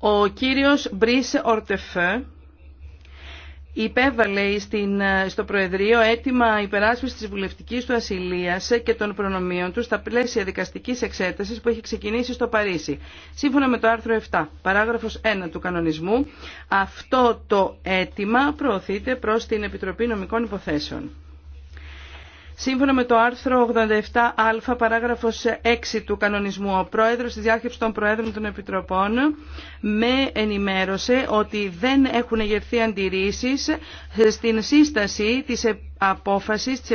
Ο κύριος Μπρίς Ορτεφέ υπέβαλε στην, στο Προεδρείο αίτημα υπεράσπισης της βουλευτικής του ασυλίας και των προνομίων του στα πλαίσια δικαστικής εξέτασης που έχει ξεκινήσει στο Παρίσι. Σύμφωνα με το άρθρο 7, παράγραφος 1 του κανονισμού, αυτό το αίτημα προωθείται προς την Επιτροπή Νομικών Υποθέσεων. Σύμφωνα με το άρθρο 87α παράγραφος 6 του κανονισμού, ο πρόεδρος της διάσκεψης των Προέδρων των Επιτροπών με ενημέρωσε ότι δεν έχουν εγερθεί αντιρρήσεις στην σύσταση της απόφασης της